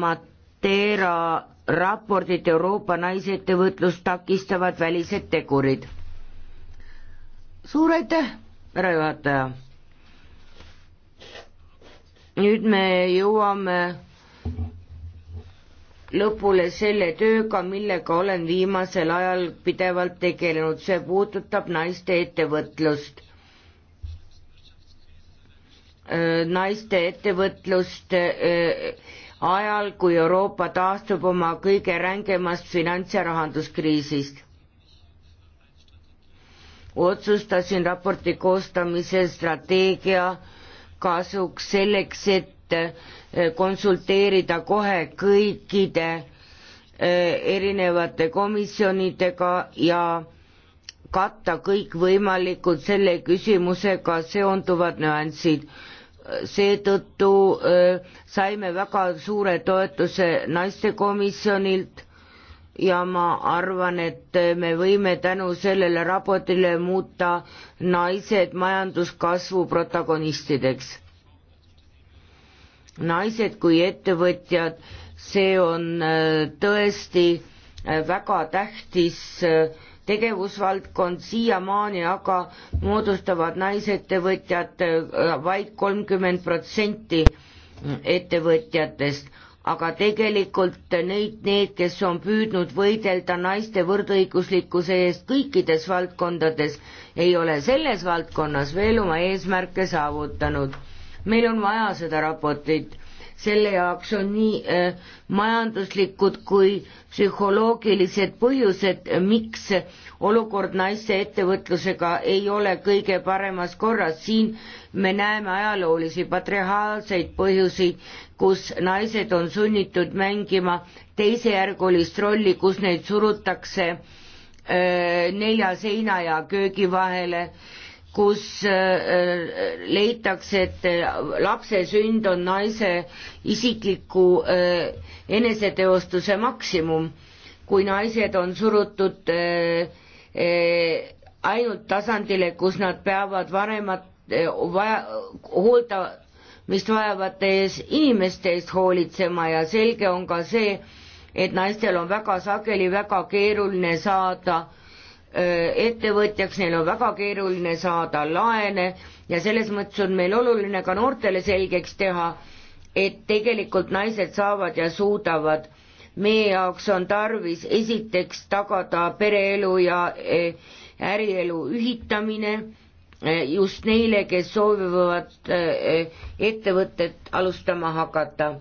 Matera raportit Euroopa naisettevõtlust takistavad välised tegurid. suur aitäh, härra juhataja. nüüd me jõuame lõpule selle tööga, millega olen viimasel ajal pidevalt tegelenud, see puudutab naiste ettevõtlust Äh, naiste ettevõtlust äh, ajal, kui Euroopa taastub oma kõige rängemast finants- ja rahanduskriisist. otsustasin raporti koostamise strateegia kasuks selleks, et äh, konsulteerida kohe kõikide erinevate komisjonidega ja katta kõikvõimalikud selle küsimusega seonduvad nüansid seetõttu saime väga suure toetuse naistekomisjonilt ja ma arvan, et me võime tänu sellele raportile muuta naised majanduskasvu protagonistideks. naised kui ettevõtjad, see on tõesti väga tähtis äh, tegevusvaldkond, siiamaani aga moodustavad naisettevõtjad äh, vaid kolmkümmend protsenti ettevõtjatest aga tegelikult neid, need, kes on püüdnud võidelda naiste võrdõiguslikkuse eest kõikides valdkondades, ei ole selles valdkonnas veel oma eesmärke saavutanud. meil on vaja seda raportit, selle jaoks on nii äh, majanduslikud kui psühholoogilised põhjused, miks olukord naiste ettevõtlusega ei ole kõige paremas korras, siin me näeme ajaloolisi patriarhaalseid põhjusi, kus naised on sunnitud mängima teisejärgulist rolli, kus neid surutakse äh, nelja seina ja köögi vahele kus äh, äh, leitakse, et äh, lapse sünd on naise isikliku eneseteostuse maksimum. kui naised on surutud ainult tasandile, kus nad peavad vanemat vaja, hooldamist vajavate ees, inimeste eest hoolitsema ja selge on ka see, et naistel on väga sageli väga keeruline saada äh, ettevõtjaks, neil on väga keeruline saada laene ja selles mõttes on meil oluline ka noortele selgeks teha, et tegelikult naised saavad ja suudavad. meie jaoks on tarvis esiteks tagada pereelu ja e, ärielu ühitamine e, just neile, kes soovivad e, ettevõtet alustama hakata.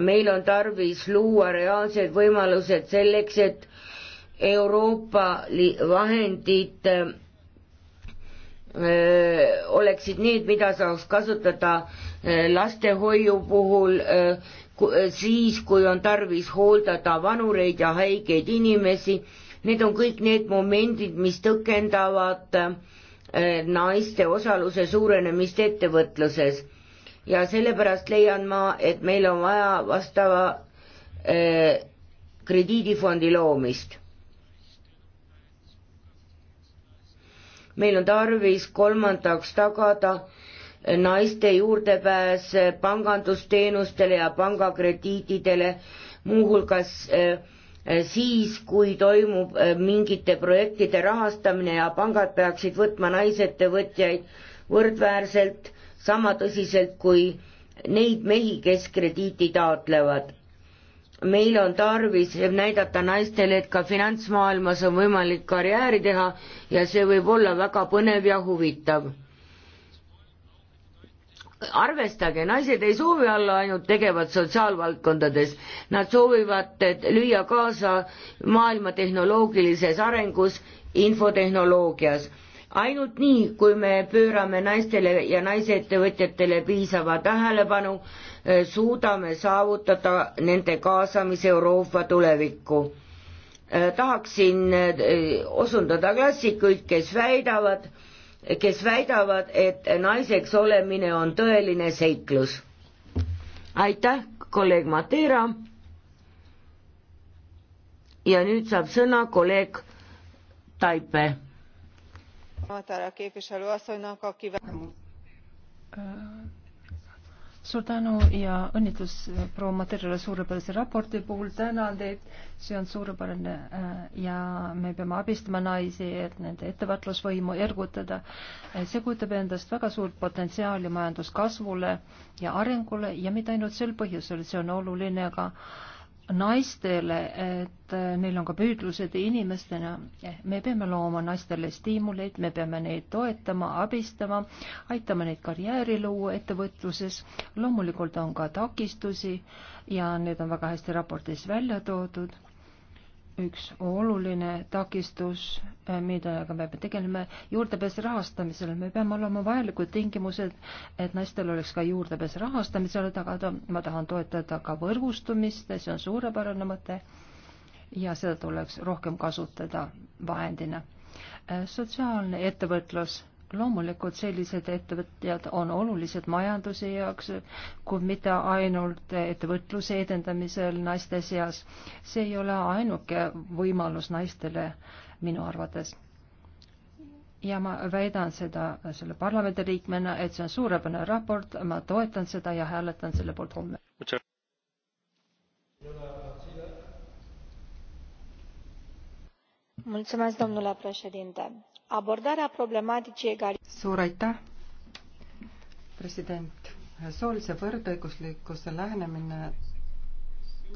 meil on tarvis luua reaalsed võimalused selleks, et Euroopa vahendid äh, oleksid need, mida saaks kasutada äh, lastehoiu puhul, äh, siis kui on tarvis hooldada vanureid ja haigeid inimesi, need on kõik need momendid, mis tõkendavad naiste osaluse suurenemist ettevõtluses. ja sellepärast leian ma, et meil on vaja vastava krediidifondi loomist meil on tarvis kolmandaks tagada naiste juurdepääs pangandusteenustele ja pangakrediitidele, muuhulgas eh, siis, kui toimub eh, mingite projektide rahastamine ja pangad peaksid võtma naisettevõtjaid võrdväärselt sama tõsiselt kui neid mehi, kes krediiti taotlevad meil on tarvis näidata naistele, et ka finantsmaailmas on võimalik karjääri teha ja see võib olla väga põnev ja huvitav. arvestage, naised ei soovi olla ainult tegevad sotsiaalvaldkondades, nad soovivad lüüa kaasa maailma tehnoloogilises arengus, infotehnoloogias ainult nii, kui me pöörame naistele ja naisettevõtjatele piisava tähelepanu, eh, suudame saavutada nende kaasamise Euroopa tulevikku. Eh, tahaksin eh, osundada klassikuid, kes väidavad, kes väidavad, et naiseks olemine on tõeline seiklus. aitäh, kolleeg Matera. ja nüüd saab sõna kolleeg Taipe suur tänu ja õnnitlus proua Materjale suurepärase raporti puhul, tänan teid, see on suurepärane äh, ja me peame abistama naisi, et nende ettevõtlusvõimu ergutada. Äh, see kujutab endast väga suurt potentsiaali majanduskasvule ja arengule ja mitte ainult sel põhjusel, see on oluline ka äh, naistele, et äh, neil on ka püüdlused inimestena. Eh, me peame looma naistele stiimuleid, me peame neid toetama, abistama, aitama neid karjääri luua ettevõtluses. loomulikult on ka takistusi ja need on väga hästi raportis välja toodud üks oluline takistus, äh, millega me peame tegelema, juurdepääs rahastamisele. me peame olema vajalikud tingimused, et naistel oleks ka juurdepääs rahastamisele tagada. ma tahan toetada ka võrgustumist, see on suurepärane mõte ja seda tuleks rohkem kasutada vahendina. Äh, sotsiaalne ettevõtlus loomulikult sellised ettevõtjad on olulised majanduse jaoks, kui mitte ainult ettevõtluse edendamisel naiste seas. see ei ole ainuke võimalus naistele minu arvates. ja ma väidan seda selle parlamendiliikmena, et see on suurepärane raport, ma toetan seda ja hääletan selle poolt homme. Mulțumesc, domnule președinte abordarea problematicii egalității. Suur aitäh, president. Soolise võrdõiguslikkuse lähenemine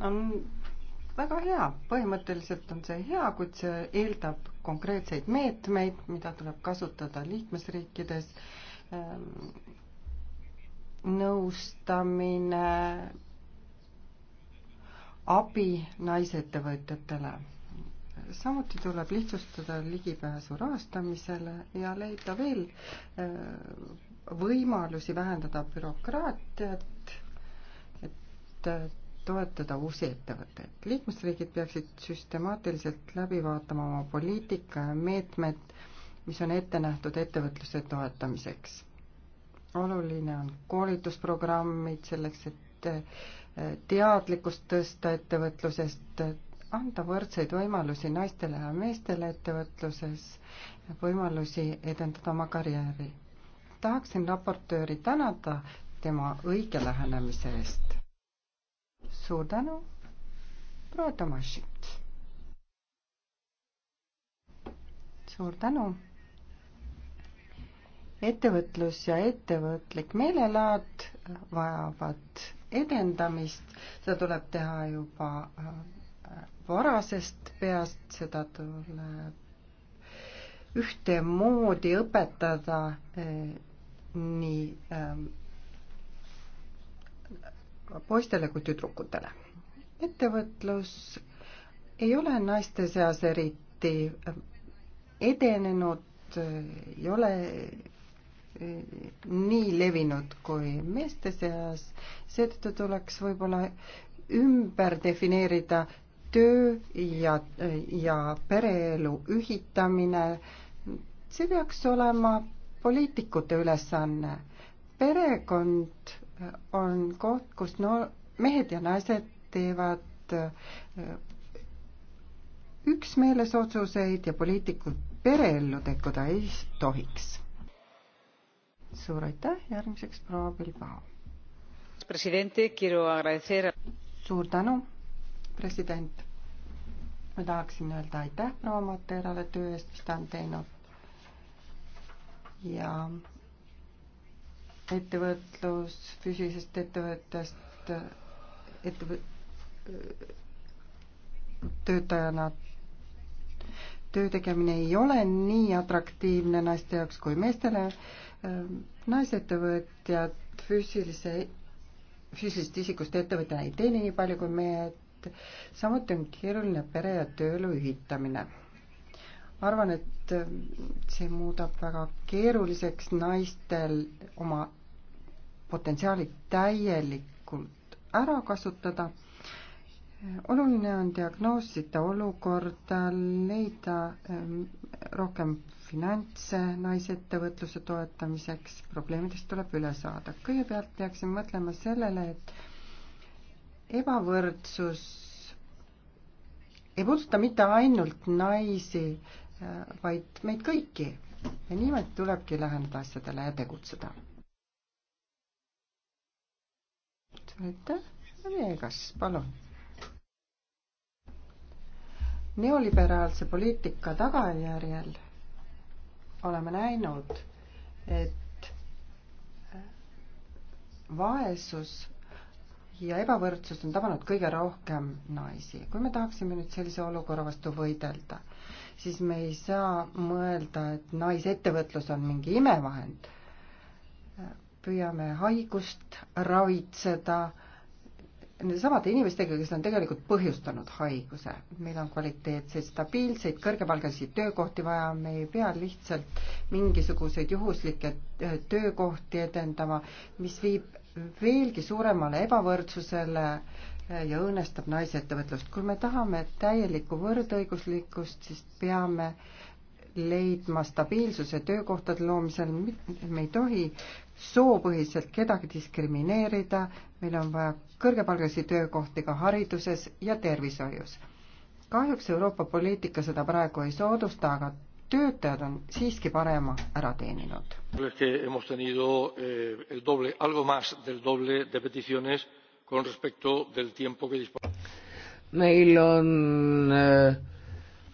on väga hea, põhimõtteliselt on see hea, kuid see eeldab konkreetseid meetmeid, mida tuleb kasutada liikmesriikides, ehm, nõustamine, abi naisettevõtjatele samuti tuleb lihtsustada ligipääsu rahastamisele ja leida veel äh, võimalusi vähendada bürokraatiat, et äh, toetada uusi ettevõtteid. liikmesriigid peaksid süstemaatiliselt läbi vaatama oma poliitika ja meetmed, mis on ette nähtud ettevõtluse toetamiseks. oluline on koolitusprogrammid selleks, et äh, teadlikkust tõsta ettevõtlusest, anda võrdseid võimalusi naistele ja meestele ettevõtluses, võimalusi edendada oma karjääri. tahaksin raportööri tänada tema õige lähenemise eest. suur tänu, proua Tomašit. suur tänu. ettevõtlus ja ettevõtlik meelelaad vajavad edendamist, seda tuleb teha juba äh, varasest peast, seda tuleb ühtemoodi õpetada eh, nii ehm, poistele kui tüdrukutele. ettevõtlus ei ole naiste seas eriti eh, edenenud, eh, ei ole nii levinud kui meeste seas, seetõttu tuleks võib-olla ümber defineerida töö ja, ja pereelu ühitamine, see peaks olema poliitikute ülesanne. perekond on koht, kus no mehed ja naised teevad äh, üksmeeles otsuseid ja poliitikud pereellu tekkuda ei tohiks. suur aitäh, järgmiseks proua Bilbao. suur tänu, president ma tahaksin öelda aitäh proua Materale töö eest, mis ta on teinud. ja ettevõtlus füüsilisest ettevõttest ettevõ-, töötajana töö tegemine ei ole nii atraktiivne naiste jaoks kui meestele. Ehm, naisettevõtjad füüsilise, füüsilisest isikust ettevõtjana ei teeni nii palju kui mehed samuti on keeruline pere ja tööelu ühitamine. arvan, et äh, see muudab väga keeruliseks naistel oma potentsiaali täielikult ära kasutada. oluline on diagnoosida olukorda, leida ähm, rohkem finantse naisettevõtluse toetamiseks, probleemidest tuleb üle saada. kõigepealt peaksime mõtlema sellele, et ebavõrdsus ei puuduta mitte ainult naisi, vaid meid kõiki. ja niimoodi tulebki läheneda asjadele ja tegutseda. suur aitäh, Vegas, palun. neoliberaalse poliitika tagajärjel oleme näinud, et vaesus ja ebavõrdsust on tabanud kõige rohkem naisi. kui me tahaksime nüüd sellise olukorra vastu võidelda, siis me ei saa mõelda, et naisettevõtlus on mingi imevahend. püüame haigust ravitseda nende samade inimestega, kes on tegelikult põhjustanud haiguse. meil on kvaliteetseid, stabiilseid, kõrgepalgalisi töökohti vaja, me ei pea lihtsalt mingisuguseid juhuslikke töökohti edendama, mis viib veelgi suuremale ebavõrdsusele ja õõnestab naisettevõtlust. kui me tahame täielikku võrdõiguslikkust, siis peame leidma stabiilsuse töökohtade loomisel, me ei tohi soopõhiselt kedagi diskrimineerida, meil on vaja kõrgepalgalisi töökohti ka hariduses ja tervishoius. kahjuks Euroopa poliitika seda praegu ei soodusta, aga töötajad on siiski parema ära teeninud. hemos tenido eh, el doble algo más del doble de peticiones con respecto del tiempo que meil on eh,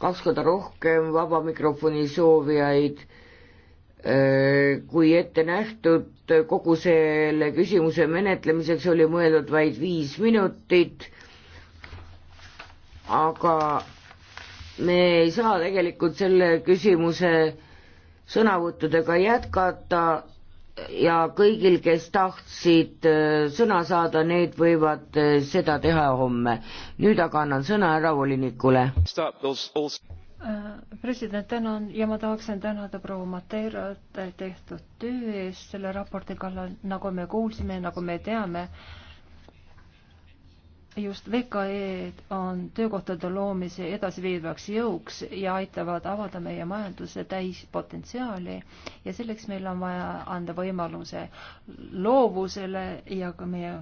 kaks korda rohkem vaba mikrofoni soovijaid eh, kui ette nähtud, kogu selle küsimuse menetlemiseks oli mõeldud vaid viis minutit, aga me ei saa tegelikult selle küsimuse sõnavõttudega jätkata ja kõigil, kes tahtsid äh, sõna saada, need võivad äh, seda teha homme. nüüd aga annan sõna härra volinikule. Äh, president, tänan ja ma tahaksin tänada proua Mateerat tehtud töö eest selle raporti kallal, nagu me kuulsime, nagu me teame just VKE-d on töökohtade loomise edasiviivaks jõuks ja aitavad avada meie majanduse täispotentsiaali ja selleks meil on vaja anda võimaluse loovusele ja ka meie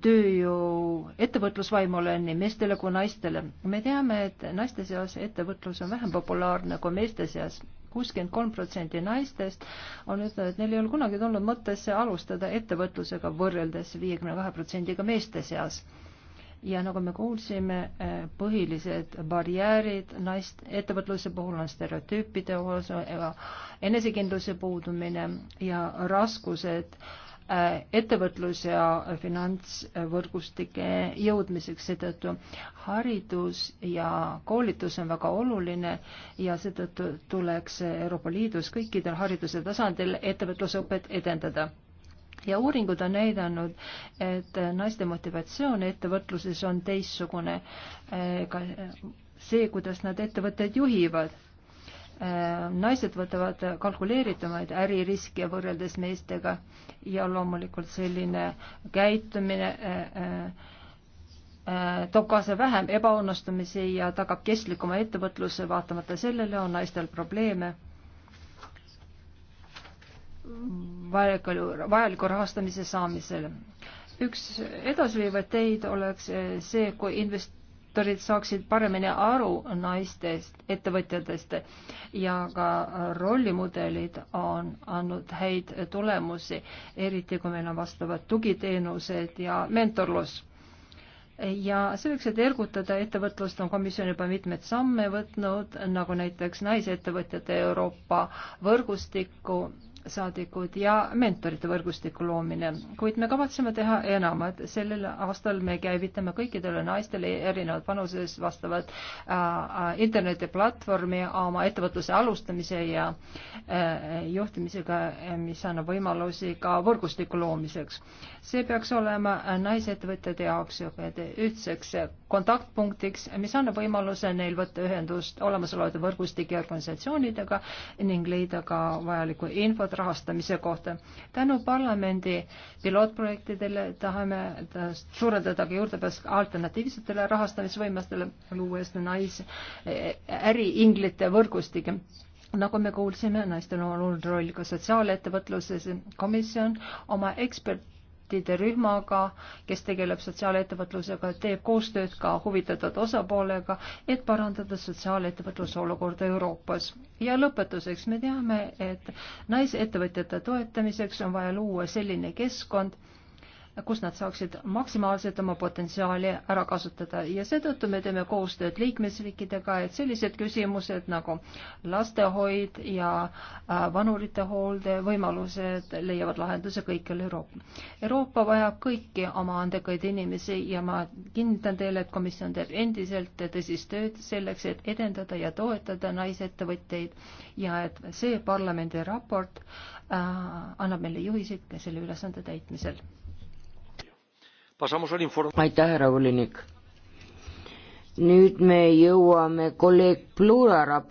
tööjõu ettevõtlusvaimule nii meestele kui naistele. me teame, et naiste seas ettevõtlus on vähem populaarne kui meeste seas kuuskümmend kolm protsenti naistest on ütelnud, et neil ei ole kunagi tulnud mõttesse alustada ettevõtlusega võrreldes viiekümne kahe protsendiga meeste seas. ja nagu me kuulsime, eh, põhilised barjäärid naist, ettevõtluse puhul on stereotüüpide osa, enesekindluse puudumine ja raskused äh, Äh, ettevõtlus ja finantsvõrgustike jõudmiseks, seetõttu haridus ja koolitus on väga oluline ja seetõttu tuleks Euroopa Liidus kõikidel hariduse tasandil ettevõtlusõpet edendada ja uuringud on näidanud, et naiste motivatsioon ettevõtluses on teistsugune, äh, ka see, kuidas nad ettevõtteid juhivad Äh, naised võtavad kalkuleeritumaid äririske võrreldes meestega ja loomulikult selline käitumine äh, äh, toob kaasa vähem ebaõnnestumisi ja tagab kestlikuma ettevõtluse, vaatamata sellele on naistel probleeme vajaliku rahastamise saamisel. üks edasiviivaid teid oleks see, kui invest-, sektorid saaksid paremini aru naistest, ettevõtjatest ja ka rollimudelid on andnud häid tulemusi, eriti kui meil on vastavad tugiteenused ja mentorlus ja selleks, et ergutada ettevõtlust, on komisjon juba mitmeid samme võtnud, nagu näiteks Naisettevõtjate Euroopa võrgustiku saadikud ja mentorite võrgustiku loomine, kuid me kavatseme teha enamat. sellel aastal me käivitame kõikidele naistele erinevad vanuses vastavad äh, äh, internetiplatvormi oma ettevõtluse alustamise ja äh, juhtimisega, äh, mis annab võimalusi ka võrgustiku loomiseks. see peaks olema äh, naisettevõtjate jaoks ühtseks kontaktpunktiks, mis annab võimaluse neil võtta ühendust olemasolevate võrgustike organisatsioonidega ning leida ka vajalikku infot rahastamise kohta. tänu parlamendi pilootprojektidele tahame suurendada ka juurdepääs alternatiivsetele rahastamisvõimestele, luues nais-, äriinglite võrgustik nagu me kuulsime, naistel on oluline roll ka sotsiaalettevõtluses. komisjon oma ekspert ekspertide rühmaga, kes tegeleb sotsiaalettevõtlusega, teeb koostööd ka huvitatud osapoolega, et parandada sotsiaalettevõtluse olukorda Euroopas. ja lõpetuseks me teame, et naisettevõtjate toetamiseks on vaja luua selline keskkond, kus nad saaksid maksimaalselt oma potentsiaali ära kasutada ja seetõttu me teeme koostööd liikmesriikidega, et sellised küsimused nagu lastehoid ja äh, vanurite hoolde võimalused leiavad lahenduse kõikjal Euroopa. Euroopa vajab kõiki oma andekaid inimesi ja ma kinnitan teile, et komisjon teeb endiselt tõsist tööd selleks, et edendada ja toetada naisettevõtteid ja et see parlamendi raport äh, annab meile juhiseid ka selle ülesande täitmisel aitäh, härra volinik. nüüd me jõuame kolleeg Plura raporti.